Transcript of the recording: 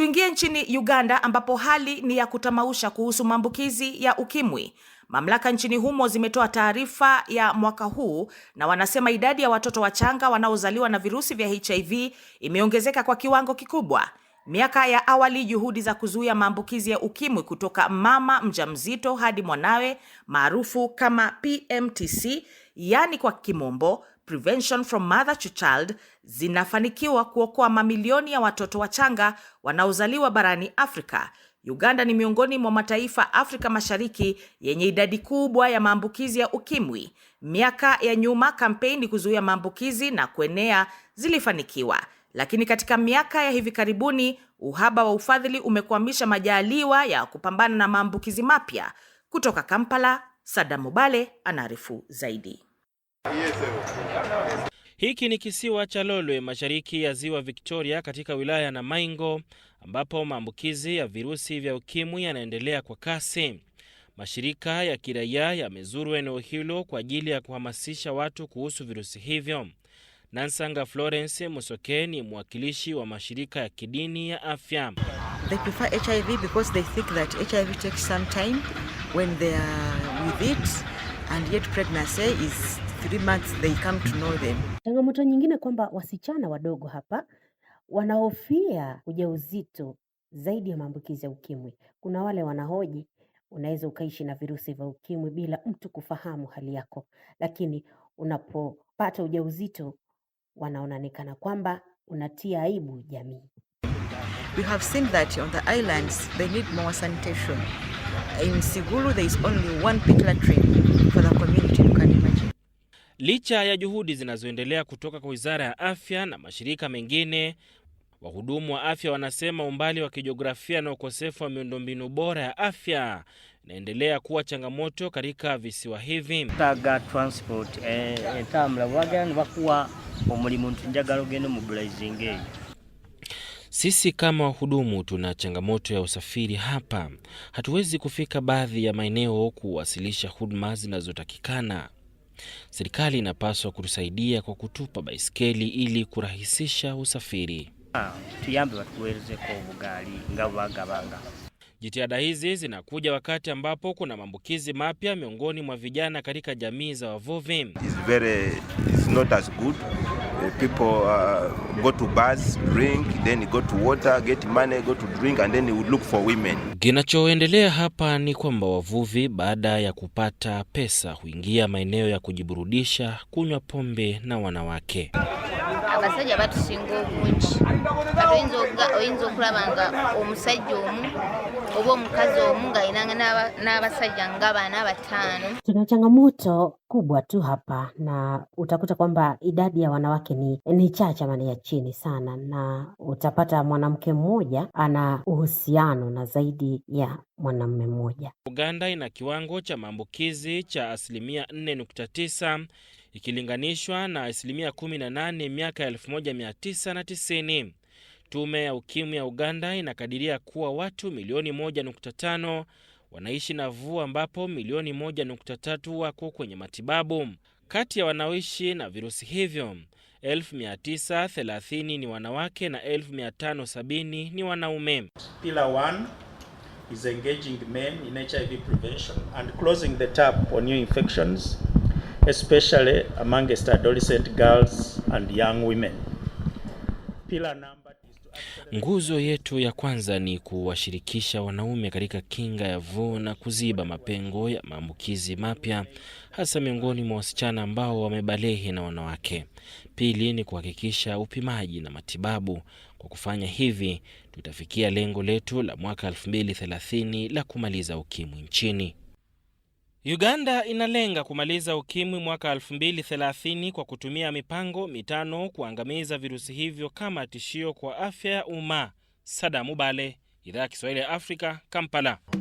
Tuingie nchini Uganda ambapo hali ni ya kutamausha kuhusu maambukizi ya ukimwi. Mamlaka nchini humo zimetoa taarifa ya mwaka huu na wanasema idadi ya watoto wachanga wanaozaliwa na virusi vya HIV imeongezeka kwa kiwango kikubwa. Miaka ya awali, juhudi za kuzuia maambukizi ya ukimwi kutoka mama mjamzito hadi mwanawe maarufu kama PMTC, yaani kwa kimombo Prevention from Mother to Child zinafanikiwa kuokoa mamilioni ya watoto wachanga wanaozaliwa barani Afrika. Uganda ni miongoni mwa mataifa Afrika Mashariki yenye idadi kubwa ya maambukizi ya ukimwi. Miaka ya nyuma, kampeni kuzuia maambukizi na kuenea zilifanikiwa, lakini katika miaka ya hivi karibuni, uhaba wa ufadhili umekwamisha majaliwa ya kupambana na maambukizi mapya. Kutoka Kampala, Sada Mubale anaarifu zaidi. Hiki ni kisiwa cha Lolwe mashariki ya ziwa Victoria katika wilaya ya Namaingo ambapo maambukizi ya virusi vya ukimwi yanaendelea kwa kasi. Mashirika ya kiraia yamezuru eneo hilo kwa ajili ya kuhamasisha watu kuhusu virusi hivyo. Nansanga Florence Musoke ni mwakilishi wa mashirika ya kidini ya afya three months they come to know them. Changamoto nyingine kwamba wasichana wadogo hapa wanahofia ujauzito zaidi ya maambukizi ya ukimwi. Kuna wale wanahoji unaweza ukaishi na virusi vya ukimwi bila mtu kufahamu hali yako, lakini unapopata ujauzito wanaonekana kwamba unatia aibu jamii. We have seen that on the islands they need more sanitation. In Sigulu there is only one pediatrician for the community. Licha ya juhudi zinazoendelea kutoka kwa Wizara ya Afya na mashirika mengine, wahudumu wa afya wanasema umbali wa kijiografia na ukosefu wa miundombinu bora ya afya inaendelea kuwa changamoto katika visiwa hivi. taga transport eh, eh, omulimu mu eyo sisi kama wahudumu tuna changamoto ya usafiri hapa, hatuwezi kufika baadhi ya maeneo kuwasilisha huduma zinazotakikana. Serikali inapaswa kutusaidia kwa kutupa baisikeli ili kurahisisha usafiri. Jitihada hizi zinakuja wakati ambapo kuna maambukizi mapya miongoni mwa vijana katika jamii za wavuvi. Eh, people uh, go to bars, drink, then go to water, get money, go to drink and then you look for women. Kinachoendelea hapa ni kwamba wavuvi baada ya kupata pesa huingia maeneo ya kujiburudisha, kunywa pombe na wanawake abasajja batusinga obungi kati oyinza okulaba nga omusajja omu oba omukazi omu ng'alinanga n'abasajja nga bana bataano. Tuna changamoto kubwa tu hapa, na utakuta kwamba idadi ya wanawake ni, ni chacha maana ya chini sana, na utapata mwanamke mmoja ana uhusiano na zaidi ya mwanamume mmoja. Uganda ina kiwango cha maambukizi cha asilimia 4.9 ikilinganishwa na asilimia 18 miaka 1990. Tume ya ukimwi ya Uganda inakadiria kuwa watu milioni 1.5 wanaishi na VVU ambapo milioni 1.3 wako kwenye matibabu. Kati ya wanaoishi na virusi hivyo 930 ni wanawake na 570 ni wanaume. Is engaging men in HIV prevention and closing the tap on new infections especially amongst adolescent girls and young women. Pillar number Nguzo yetu ya kwanza ni kuwashirikisha wanaume katika kinga ya VVU na kuziba mapengo ya maambukizi mapya hasa miongoni mwa wasichana ambao wamebalehi na wanawake. Pili ni kuhakikisha upimaji na matibabu. Kwa kufanya hivi, tutafikia lengo letu la mwaka 2030 la kumaliza ukimwi nchini. Uganda inalenga kumaliza ukimwi mwaka 2030 kwa kutumia mipango mitano kuangamiza virusi hivyo kama tishio kwa afya ya umma. Sadamu Bale, Idhaa ya Kiswahili ya Afrika, Kampala.